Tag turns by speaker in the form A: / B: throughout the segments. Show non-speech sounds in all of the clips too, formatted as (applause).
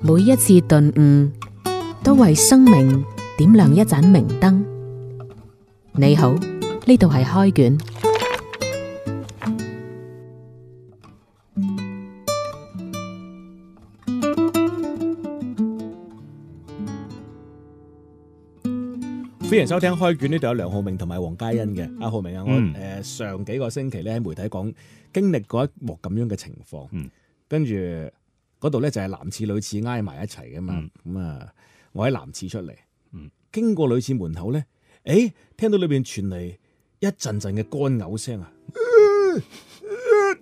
A: 每一次頓悟，都為生命點亮一盞明燈。你好，呢度係開卷。歡迎收聽開卷，呢度有梁浩明同埋黃嘉欣嘅。阿浩明啊，我誒上幾個星期呢喺媒體講經歷過一幕咁樣嘅情況，跟住。嗰度咧就係男廁女廁挨埋一齊噶嘛，咁啊、嗯嗯、我喺男廁出嚟，經過女廁門口咧，誒聽到裏邊傳嚟一陣陣嘅乾嘔聲啊，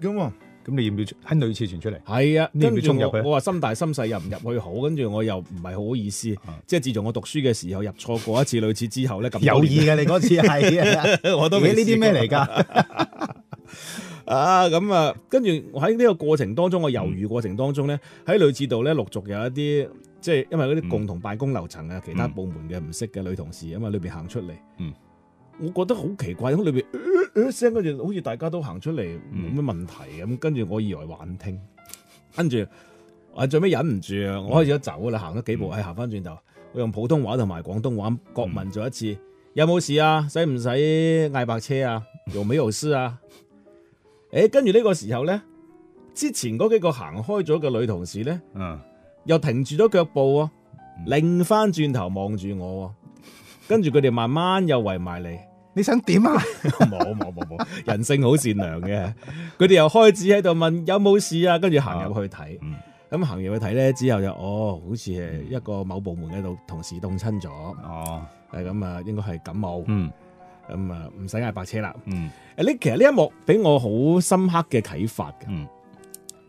B: 咁咁你要唔要喺女廁傳出嚟？係啊，跟住我
A: 話心大心細入唔入去好，跟住我又唔係好意思，嗯、即係自從我讀書嘅時候入錯過一次女廁之後咧，有意嘅你嗰次係， (laughs) 我都唔知呢啲咩嚟噶。 (laughs) 啊咁啊，跟住喺呢個過程當中，我猶豫過程當中咧，喺女廁度咧陸續有一啲，即係因為嗰啲共同辦公樓層啊，其他部門嘅唔識嘅女同事啊嘛，裏邊行出嚟，嗯，我覺得好奇怪，咁裏邊聲跟住好似大家都行出嚟冇乜問題啊，咁跟住我以為幻聽。跟住我最尾忍唔住啊，我開始咗走啦，行咗幾步，唉，行翻轉頭，我用普通話同埋廣東話各問咗一次，有冇事啊？使唔使嗌白車啊？有沒有事啊？誒、欸，跟住呢個時候咧，之前嗰幾個行開咗嘅女同事咧，嗯，又停住咗腳步喎，哦，擰翻轉頭望住我，哦，跟住佢哋慢慢又圍埋嚟。 (laughs) 你想點啊？冇冇冇冇，人性好善良嘅，佢哋 (laughs) 又開始喺度問有冇事啊，跟住行入去睇，咁行入去睇咧，之後就哦，好似係一個某部門喺度同事凍親咗，哦，係咁啊，應該係感冒，嗯。嗯嗯咁啊，唔使嗌白車啦。嗯，誒，你其實呢一幕俾我好深刻嘅啟發嘅。嗯，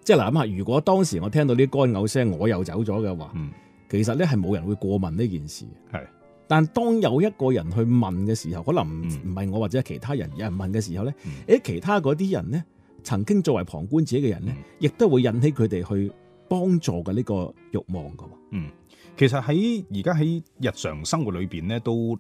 A: 即係嗱，諗下，如果當時我聽到呢啲乾嘔聲，我又走咗嘅話，嗯，其實咧係冇人會過問呢件事。係的，但當有一個人去問嘅時候，可能唔唔係我或者係其他人有人問嘅時候咧，誒、嗯，其他嗰啲人咧，曾經作為旁觀者嘅人咧，亦、嗯、都會引起佢哋去幫
B: 助嘅呢個慾望嘅。嗯，其實喺而家喺日常生活裏邊咧都。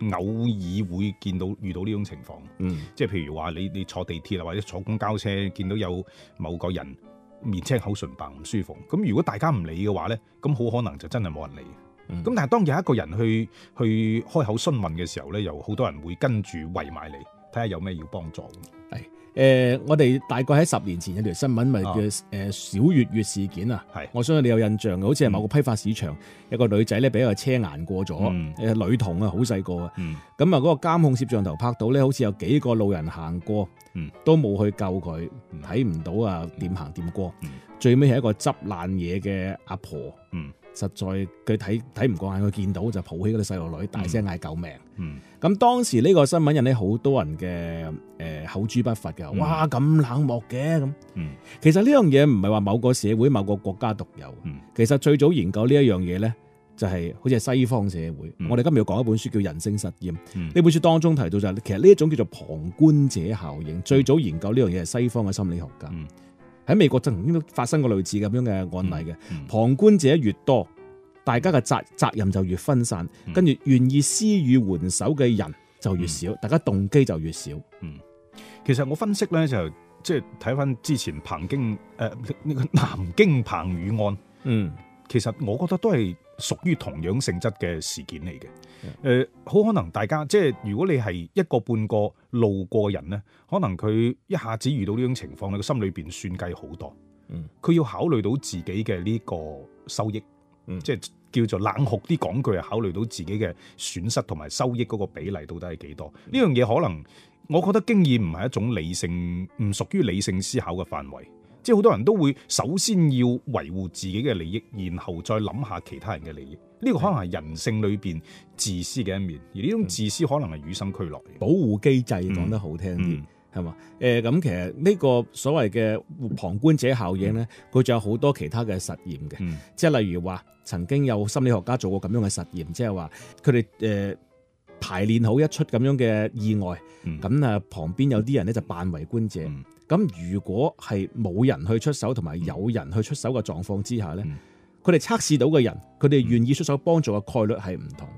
B: 偶爾會見到遇到呢種情況，嗯、即係譬如話你你坐地鐵或者坐公交車，見到有某個人面青口唇白唔舒服，咁如果大家唔理嘅話咧，咁好可能就真係冇人理。咁、嗯、但係當有一個人去去開口詢問嘅時候咧，又好多人會跟住圍埋嚟睇下有咩要幫助。哎誒、呃，我哋大概喺十年前有條新聞，咪叫誒小悅悅事件啊。
A: 係，我相信你有印象嘅，好似係某個批發市場、嗯、一個女仔咧，俾個車碾過咗。誒、嗯，女童啊，好細個嘅。嗯。咁啊，嗰個監控攝像頭拍到咧，好似有幾個路人行過，嗯、都冇去救佢，睇唔到啊點行點過。嗯、最尾係一個執爛嘢嘅阿婆。嗯。嗯。實在佢睇睇唔過眼，佢見到就抱起嗰個細路女，大聲嗌救命。咁、嗯、當時呢個新聞引起好多人嘅誒、呃、口誅筆伐嘅，嗯、哇咁冷漠嘅咁。嗯、其實呢樣嘢唔係話某個社會、某個國家獨有。嗯、其實最早研究呢一樣嘢咧，就係、是、好似係西方社會。嗯、我哋今日要講一本書叫《人性實驗》，呢、嗯、本書當中提到就係、是、其實呢一種叫做旁觀者效應。最早研究呢樣嘢係西方嘅心理學家。嗯嗯喺美國曾經都發生過類似咁樣嘅案例嘅，嗯嗯、旁觀者越多，大家嘅責、嗯、責任就越分散，嗯、跟住願意
B: 施予援手嘅人就越少，嗯、大家動機就越少。嗯，其實我分析咧就即係睇翻之前彭京誒、呃這個、南京彭宇案，嗯，其實我覺得都係。屬於同樣性質嘅事件嚟嘅，誒、mm. 呃，好可能大家即係如果你係一個半個路過人咧，可能佢一下子遇到呢種情況咧，你個心裏邊算計好多，嗯，佢要考慮到自己嘅呢個收益，嗯，mm. 即係叫做冷酷啲講句啊，考慮到自己嘅損失同埋收益嗰個比例到底係幾多？呢、mm. 樣嘢可能我覺得經驗唔係一種理性，唔屬於理性思考嘅範圍。即係好多人都會首先要維護自己嘅利益，然後再諗下其他人嘅利益。呢、這個可能係人性裏邊自私嘅一面，而呢種自私可能係與生俱來、嗯嗯、保護機制，講得好聽啲係嘛？
A: 誒咁、嗯嗯呃、其實呢個所謂嘅旁觀者效應咧，佢仲、嗯、有好多其他嘅實驗嘅，嗯、即係例如話曾經有心理學家做過咁樣嘅實驗，即係話佢哋誒排練好一出咁樣嘅意外，咁啊、嗯嗯嗯嗯、旁邊有啲人咧就扮圍觀者。嗯咁如果係冇人去出手，同埋有人去出手嘅狀況之下咧，佢哋、嗯、測試到嘅人，佢哋願意出手幫助嘅概率係唔同。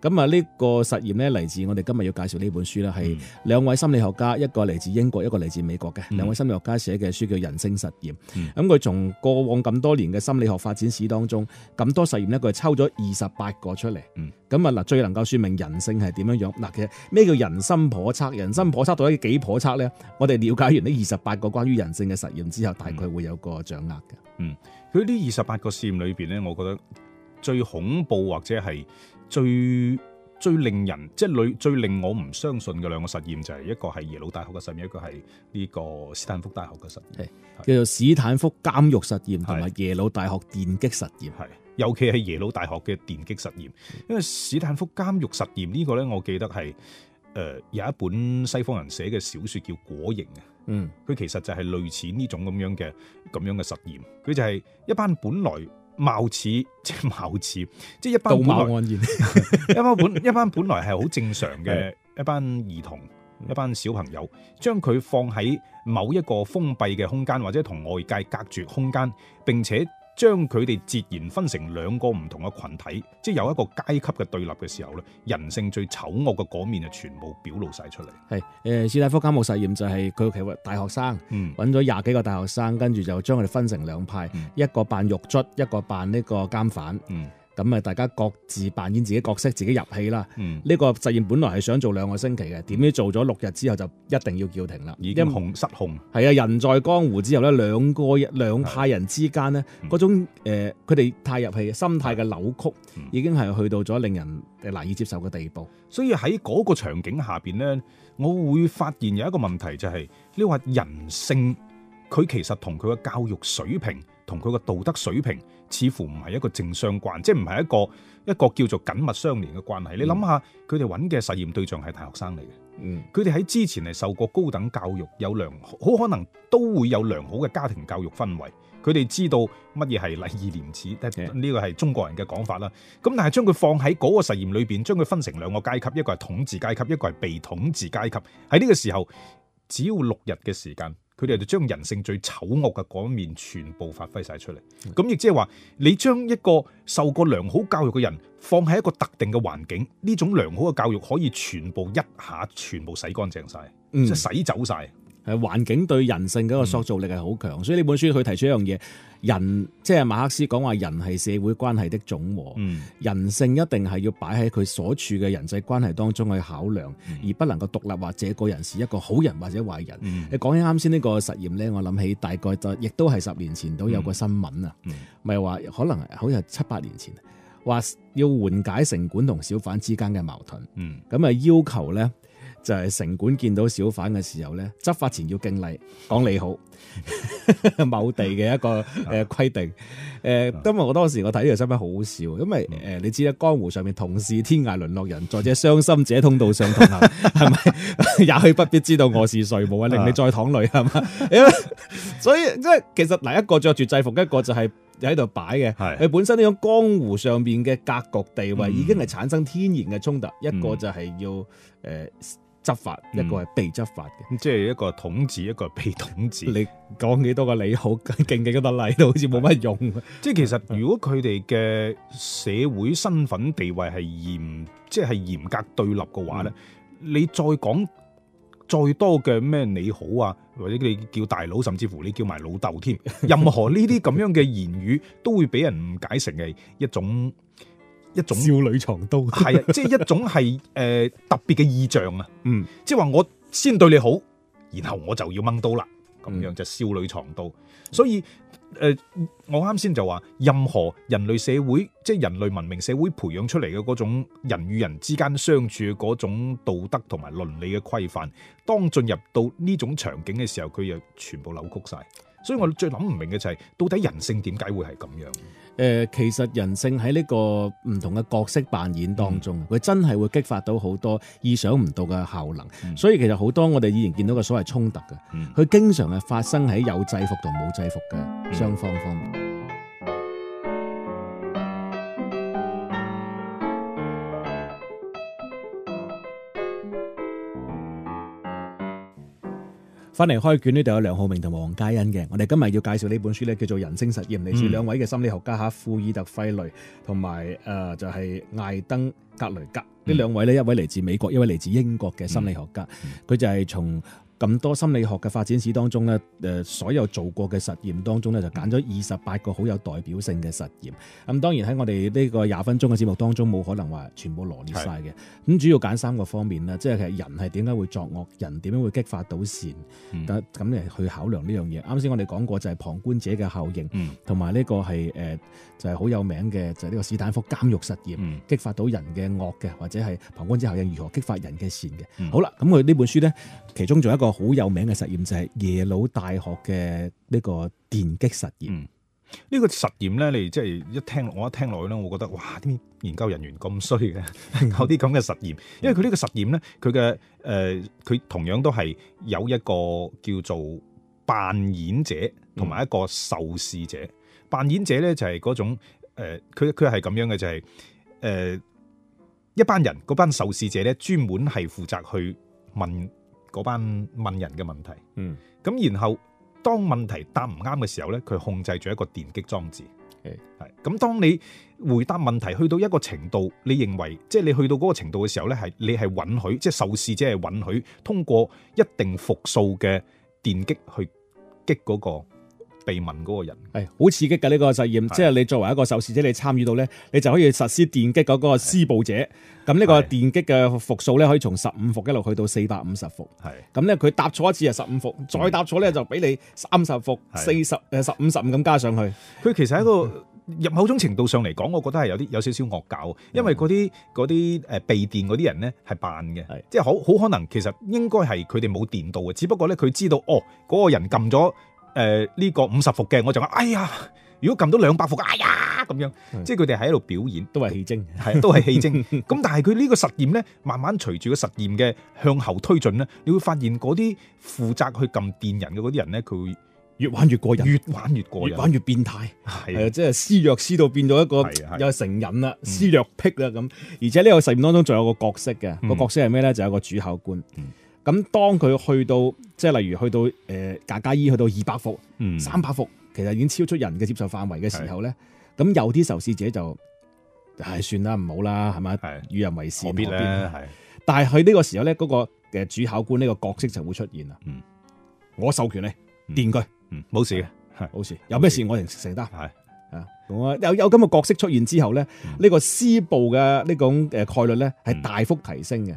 A: 咁啊，呢個實驗呢，嚟自我哋今日要介紹呢本書啦，係、嗯、兩位心理學家，一個嚟自英國，一個嚟自美國嘅、嗯、兩位心理學家寫嘅書叫《人性實驗》嗯。咁佢從過往咁多年嘅心理學發展史當中咁多實驗呢，佢抽咗二十八個出嚟。咁啊嗱，最能夠說明人性係點樣樣嗱？其實咩叫人心叵測？人心叵測到底幾叵測呢？我哋了解完呢二十八個關於人性嘅實驗之後，大概會有個掌握嘅。嗯，
B: 佢呢二十八個實驗裏邊呢，我覺得最恐怖或者係。最最令人即係最最令我唔相信嘅兩個實驗，就係一個係耶魯大學嘅實驗，一個係呢個斯坦福大學嘅實驗，叫做斯坦福監獄實驗同埋耶魯大學電擊實驗。係，尤其係耶魯大學嘅電擊實驗，因為斯坦福監獄實驗呢、這個咧，我記得係誒、呃、有一本西方人寫嘅小說叫《果蠅》啊，嗯，佢其實就係類似呢種咁樣嘅咁樣嘅實驗，佢就係一班本來。貌似即係貌似，即係一班本來安 (laughs) 一班本一班本來係好正常嘅 (laughs) 一班兒童，一班小朋友，將佢放喺某一個封閉嘅空間或者同外界隔絕空間，並且。將佢哋截然分成兩個唔同嘅群體，即係有一個階級嘅對立嘅時候咧，人性最醜惡嘅嗰面就全部表露晒出嚟。
A: 係，誒，斯坦福監獄實驗就係佢其實大學生，揾咗廿幾個大學生，跟住就將佢哋分成兩派，嗯、一，一個扮獄卒，一個扮呢個監犯。嗯咁啊，大家各自扮演自己角色，自己入戲啦。呢、嗯、個實驗本來係想做兩個星期嘅，點知、嗯、做咗六日之後就一定要叫停啦。已經控失控，係啊為！為人在江湖之後咧，兩個兩派、嗯、人之間咧，嗰、嗯、種佢哋、呃、太入戲，心態嘅扭曲、嗯、已經係去到咗令人誒難以接受嘅
B: 地步。所以喺嗰個場景下邊咧，我會發現有一個問題就係、是，你話人性佢其實同佢嘅教育水平同佢嘅道德水平。似乎唔係一個正相關，即係唔係一個一個叫做緊密相連嘅關係。你諗下，佢哋揾嘅實驗對象係大學生嚟嘅，嗯，佢哋喺之前係受過高等教育，有良好，好可能都會有良好嘅家庭教育氛圍。佢哋知道乜嘢係禮義廉恥，呢個係中國人嘅講法啦。咁但係將佢放喺嗰個實驗裏邊，將佢分成兩個階級，一個係統治階級，一個係被統治階級。喺呢個時候，只要六日嘅時間。佢哋就將人性最醜惡嘅嗰一面全部發揮晒出嚟，咁亦即係話，你將一個受過良好教育嘅人放喺一個特定嘅環境，呢種良好嘅教育可以全部一下全部洗乾淨晒，嗯、即係洗走晒。
A: 誒環境對人性嗰個塑造力係好強，所以呢本書佢提出一樣嘢，人即係馬克思講話人係社會關係的總和，嗯、人性一定係要擺喺佢所處嘅人際關係當中去考量，嗯、而不能夠獨立或者個人是一個好人或者壞人。嗯、你講起啱先呢個實驗呢，我諗起大概就亦都係十年前都有個新聞啊，咪係話可能好似係七八年前，話要緩解城管同小販之間嘅矛盾，咁啊、嗯、要求呢。就係城管見到小販嘅時候咧，執法前要敬禮，講你好，某地嘅一個誒規定。誒，今日我當時我睇呢條新聞好笑，因為誒你知啦，江湖上面同是天涯淪落人，在這傷心者通道上同行，係咪？也許不必知道我是誰，無謂令你再淌淚，係嘛？所以即係其實嗱，一個着住制服，一個就係喺度擺嘅。佢本身呢種江湖上面嘅格局地位，已經係產生天然嘅衝突。一個就係要誒。執法一個係被執法嘅、
B: 嗯，即係一個統治，一個係被統治。 (laughs) 你講幾多個你好，敬幾多個禮，都好似冇乜用。 (laughs) 即係其實，如果佢哋嘅社會身份地位係嚴，即係嚴格對立嘅話咧，嗯、你再講再多嘅咩你好啊，或者你叫大佬，甚至乎你叫埋老豆添，任何呢啲咁樣嘅言語，都會俾人誤解成係一種。一種少女藏刀，係啊，即、就、係、是、一種係誒、 (laughs) 呃、特別嘅意象啊。嗯，即係話我先對你好，然後我就要掹刀啦。咁樣就少女藏刀。嗯、所以誒、呃，我啱先就話，任何人類社會，即、就、係、是、人類文明社會培養出嚟嘅嗰種人與人之間相處嘅嗰種道德同埋倫理嘅規範，當進入到呢種場景嘅時候，佢又全部扭曲晒。所以我最諗唔明嘅就係，到底人性點解會係咁
A: 樣？誒、呃，其實人性喺呢個唔同嘅角色扮演當中，佢、嗯、真係會激發到好多意想唔到嘅效能。嗯、所以其實好多我哋以前見到嘅所謂衝突嘅，佢、嗯、經常係發生喺有制服同冇制服嘅雙方方面。嗯翻嚟開卷呢度有梁浩明同黃嘉欣嘅，我哋今日要介紹呢本書呢叫做《人性實驗》，嚟自兩位嘅心理學家嚇，富爾特費雷同埋誒就係、是、艾登格雷格呢、嗯、兩位咧，一位嚟自美國，一位嚟自英國嘅心理學家，佢、嗯、就係從，咁多心理學嘅發展史當中咧，誒、呃、所有做過嘅實驗當中咧，就揀咗二十八個好有代表性嘅實驗，咁、嗯、當然喺我哋呢個廿分鐘嘅節目當中，冇可能話全部羅列晒嘅。咁是主要揀三個方面啦，即係其實人係點解會作惡人點樣會激發到善，咁、嗯、你去考量呢樣嘢。啱先我哋講過就係旁觀者嘅效應，同埋呢個係誒、呃、就係、是、好有名嘅就係、是、呢個斯坦福監獄實驗、嗯、激發到人嘅惡嘅，或者係旁觀者效應如何激發人嘅善嘅。嗯、好啦，咁佢呢本書咧，其中仲有一個。個好有名嘅實驗就係、是、耶魯大學嘅呢個電擊實驗。
B: 呢、嗯這個實驗咧，你即係一聽我一聽落去咧，我覺得哇，點解研究人員咁衰嘅？ (laughs) 有啲咁嘅實驗。因為佢呢個實驗咧，佢嘅誒，佢、呃、同樣都係有一個叫做扮演者，同埋一個受試者。嗯、扮演者咧就係嗰種誒，佢佢係咁樣嘅，就係、是、誒、呃就是呃、一班人，嗰班受試者咧專門係負責去問，嗰班問人嘅問題，嗯，咁然後當問題答唔啱嘅時候咧，佢控制住一個電擊裝置，係，咁當你回答問題去到一個程度，你認為即係你去到嗰個程度嘅時候咧，係你係允許，即係受試者係允許通過一定複數嘅電擊去擊嗰個。被問嗰個人係好刺激嘅呢個實驗，是的
A: 即係你作為一個受試者，你參與到咧，你就可以實施電擊嗰個施暴者。咁呢是的 個電擊嘅伏數咧，可以從十五伏一路去到四百五十伏。係咁咧，佢答錯一次係十五伏，是的 再答
B: 錯咧是的 就俾你三十伏、四十誒十五、十五咁加上去。佢其實喺個入某種程度上嚟講，我覺得係有啲有少少惡搞，因為嗰啲啲誒被電嗰啲人咧係扮嘅，即係好好可能其實應該係佢哋冇電到嘅，只不過咧佢知道哦嗰個人撳咗。誒，呢、呃呢個五十伏嘅，我就話，哎呀，如果撳到兩百伏，哎呀咁樣，即係佢哋喺度表演，都係戲精，係 (laughs) 都係戲精。咁但係佢呢個實驗咧，慢慢隨住個實驗嘅向後推進咧，你會發現嗰啲負責去撳電人嘅嗰啲人咧，佢會越玩越過癮，越玩越過癮，越玩越變態，係啊的，即係
A: 施虐施到變咗一個有成癮啦，施虐的、嗯、癖啦咁。而且呢個實驗當中仲有個角色嘅，個、嗯嗯、角色係咩咧？就有、是、個主考官。嗯咁當佢去到即係例如去到誒格加伊，去到二百伏、三百伏，其實已經超出人嘅接受範圍嘅時候咧，咁有啲受試者就唉，算啦，唔好啦係咪？與人為善何必咧？但係佢呢個時候咧，嗰個嘅主考官呢個角色就會出現啦。我授權你電佢，冇事嘅，冇事。有咩事我承承擔係啊？有有咁嘅角色出現之後咧，呢個施暴嘅呢種誒概率咧係大幅提升嘅。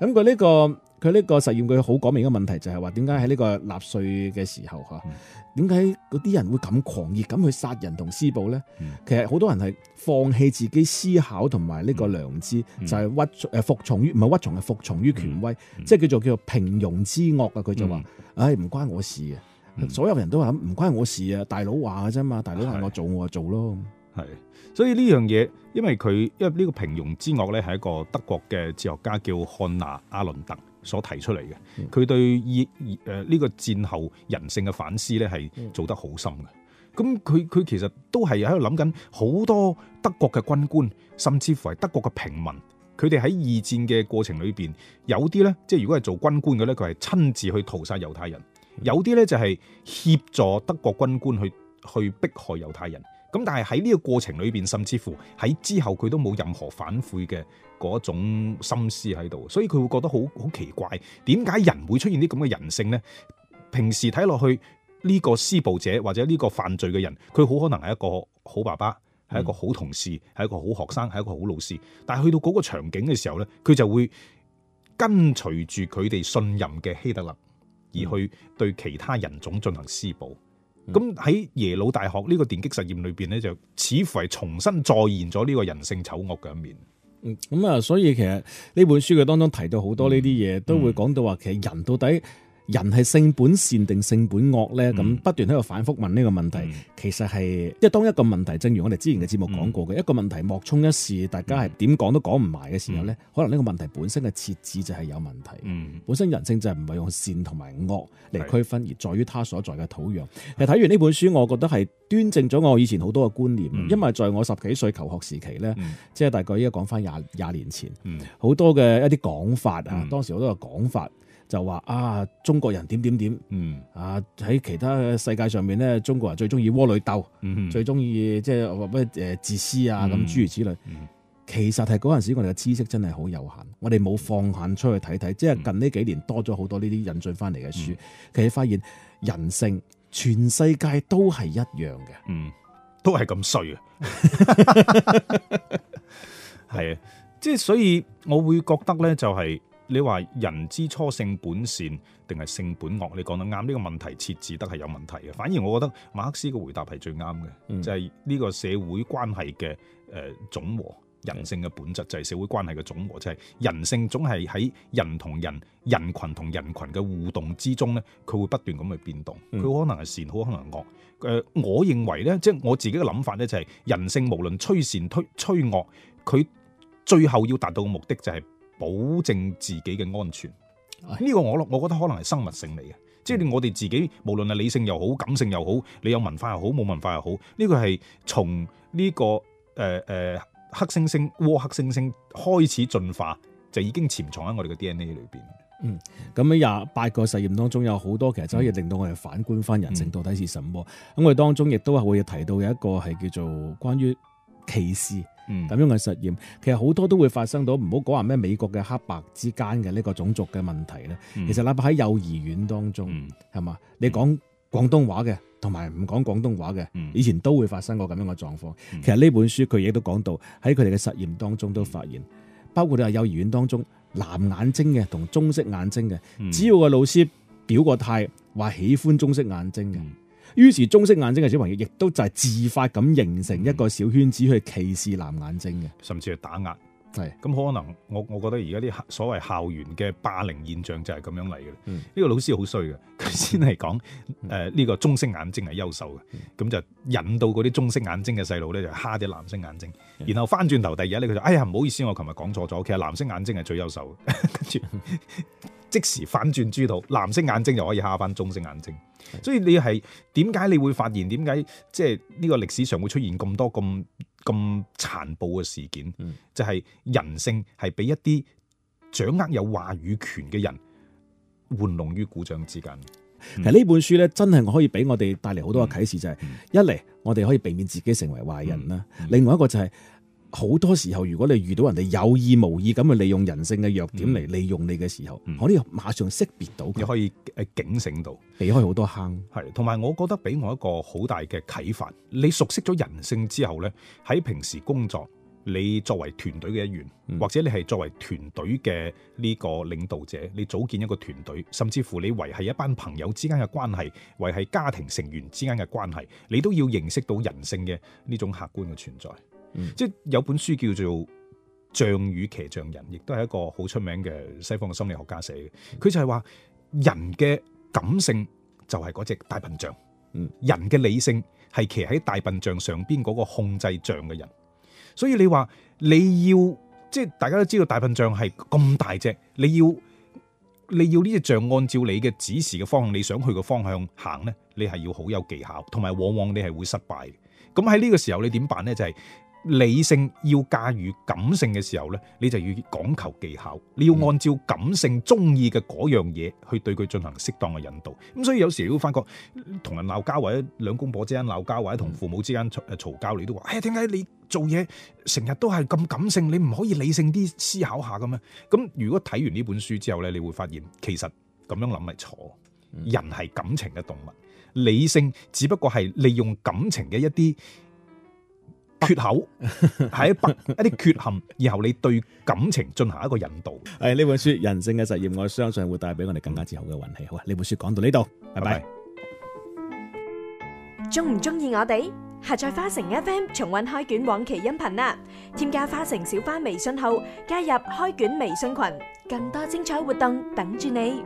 A: 咁佢呢個。佢呢個實驗，佢好講明一個問題，就係話點解喺呢個納粹嘅時候嚇，點解嗰啲人會咁狂熱咁去殺人同施暴咧？其實好多人係放棄自己思考同埋呢個良知，就係屈，服從於，唔係屈從，係服從於權威，即係叫做叫做平庸之惡啊。佢就話：唉，唔關我事嘅，所有人都話唔關我事啊。大佬話嘅啫嘛，大佬話我做我就做咯。
B: 係，所以呢樣嘢，因為佢因為呢個平庸之惡咧，係一個德國嘅哲學家叫漢娜阿倫特。所提出嚟嘅，佢對二誒呢個戰後人性嘅反思咧係做得好深嘅。咁佢佢其實都係喺度諗緊好多德國嘅軍官，甚至乎係德國嘅平民，佢哋喺二戰嘅過程裏邊，有啲咧即係如果係做軍官嘅咧，佢係親自去屠殺猶太人；有啲咧就係協助德國軍官去去迫害猶太人。咁但係喺呢個過程裏邊，甚至乎喺之後佢都冇任何反悔嘅嗰種心思喺度，所以佢會覺得好好奇怪，點解人會出現啲咁嘅人性呢？平時睇落去呢個施暴者或者呢個犯罪嘅人，佢好可能係一個好爸爸，係一個好同事，係一個好學生，係一個好老師，但係去到嗰個場景嘅時候呢，佢就會跟隨住佢哋信任嘅希特勒，而去對其他人種進行施暴。咁喺耶魯大學呢個電擊實驗裏邊呢，就似乎係重新再現咗呢個人性醜惡嘅一面。
A: 嗯，咁、嗯、啊，所以其實呢本書嘅當中提到好多呢啲嘢，嗯、都會講到話其實人到底。人係性本善定性本惡呢？咁不斷喺度反覆問呢個問題，其實係即係當一個問題，正如我哋之前嘅節目講過嘅，一個問題莫衷一是，大家係點講都講唔埋嘅時候呢，可能呢個問題本身嘅設置就係有問題。本身人性就係唔係用善同埋惡嚟區分，而在於他所在嘅土壤。其實睇完呢本書，我覺得係端正咗我以前好多嘅觀念。因為在我十幾歲求學時期呢，即係大概依家講翻廿廿年前，好多嘅一啲講法啊，當時好多嘅講法。就話啊，中國人點點點，嗯，啊喺其他世界上面咧，中國人最中意窩裏鬥，嗯嗯，最中意即係乜誒自私啊咁，諸如此類。嗯嗯、其實係嗰陣時我哋嘅知識真係好有限，嗯、我哋冇放眼出去睇睇。即係、嗯、近呢幾年多咗好多呢啲引進翻嚟嘅書，其實、嗯、發現人性全世界都係一樣嘅，
B: 嗯，都係咁衰啊，係啊，即係所以我會覺得咧就係。你話人之初性本善定係性本惡？你講得啱，呢、這個問題設置得係有問題嘅。反而我覺得馬克思嘅回答係最啱嘅，嗯、就係呢個社會關係嘅誒總和，人性嘅本質就係、是、社會關係嘅總和，嗯、就係人性總係喺人同人、人群同人群嘅互動之中咧，佢會不斷咁去變動，佢、嗯、可能係善，好可能係惡、呃。我認為咧，即、就、係、是、我自己嘅諗法咧，就係、是、人性無論趨善趨趨惡，佢最後要達到嘅目的就係、是。保證自己嘅安全，呢、這個我我覺得可能係生物性嚟嘅，唉即係我哋自己無論係理性又好、感性又好，你有文化又好、冇文化又好，呢、這個係從呢個誒誒、呃呃、黑猩猩、倭黑猩猩開始進化就已經潛藏喺我哋嘅 DNA 裏邊。嗯，
A: 咁喺廿八個實驗當中，有好多其實就可以令到我哋反觀返人性到底係什麼。咁、嗯、我哋當中亦都係會提到有一個係叫做關於歧視。咁樣嘅實驗，其實好多都會發生到，唔好講話咩美國嘅黑白之間嘅呢個種族嘅問題咧。嗯、其實哪怕喺幼兒園當中，係嘛、嗯，你講廣東話嘅，同埋唔講廣東話嘅，嗯、以前都會發生過咁樣嘅狀況。其實呢本書佢亦都講到，喺佢哋嘅實驗當中都發現，嗯、包括你話幼兒園當中藍眼睛嘅同棕色眼睛嘅，嗯、只要個老師表個態話喜歡棕色眼睛嘅。嗯於是棕色眼睛嘅小朋友亦都就係自發咁形成一個
B: 小圈子去歧視藍眼睛嘅，甚至係打壓。係咁是可能我我覺得而家啲所謂校園嘅霸凌現象就係咁樣嚟嘅。呢、嗯、個老師好衰嘅，佢先係講誒呢個棕色眼睛係優秀嘅，咁、嗯、就引到嗰啲棕色眼睛嘅細路咧就蝦啲藍色眼睛，嗯、然後翻轉頭第二日咧佢就哎呀唔好意思，我琴日講錯咗，其實藍色眼睛係最優秀嘅。 (laughs) (laughs) 即時反轉豬肚，藍色眼睛又可以下翻棕色眼睛，所以你係點解你會發現點解即係呢個歷史上會出現咁多咁咁殘暴嘅事件？嗯、就係人性係俾一啲掌握有話語權嘅人玩弄於股掌之間。其實呢
A: 本書咧，真係可以俾我哋帶嚟好多嘅啟示，就是，就係、嗯、一嚟我哋可以避免自己成為壞人啦，嗯嗯、另外一個就係、是。好多時候，如果你遇到人哋有意無意咁去利用人性嘅
B: 弱點嚟利用你嘅時候，我呢個馬上識別到，你可以誒警醒到，避開好多坑。係同埋，我覺得俾我一個好大嘅啟發。你熟悉咗人性之後呢，喺平時工作，你作為團隊嘅一員，或者你係作為團隊嘅呢個領導者，你組建一個團隊，甚至乎你維係一班朋友之間嘅關係，維係家庭成員之間嘅關係，你都要認識到人性嘅呢種客觀嘅存在。嗯、即係有本書叫做《象與騎象人》，亦都係一個好出名嘅西方嘅心理學家寫嘅。佢就係話人嘅感性就係嗰隻大笨象，嗯，人嘅理性係騎喺大笨象上邊嗰個控制象嘅人。所以你話你要即係大家都知道大笨象係咁大隻，你要你要呢隻象按照你嘅指示嘅方向，你想去嘅方向行咧，你係要好有技巧，同埋往往你係會失敗嘅。咁喺呢個時候你點辦咧？就係、是。理性要駕馭感性嘅時候咧，你就要講求技巧，你要按照感性中意嘅嗰樣嘢，嗯、去對佢進行適當嘅引導。咁所以有時都會發覺同人鬧交，或者兩公婆之間鬧交，或者同父母之間嘈嘈交，你都話：哎、欸、呀，點解你做嘢成日都係咁感性？你唔可以理性啲思考下嘅咩？咁如果睇完呢本書之後咧，你會發現其實咁樣諗係錯，嗯、人係感情嘅動物，理性只不過係利用感情嘅一啲缺口係一不一啲缺陷，然後你對感情進行一個引導。
A: 係呢本書人性嘅實驗，我相信會帶俾我哋更加之好嘅運氣。好啊，呢本書講到呢度，拜拜。
B: 中唔中意我哋？下載花城 FM 重溫開卷往期音頻啦！添加花城小花微信號加入開卷微信群，更多精彩活動等住你。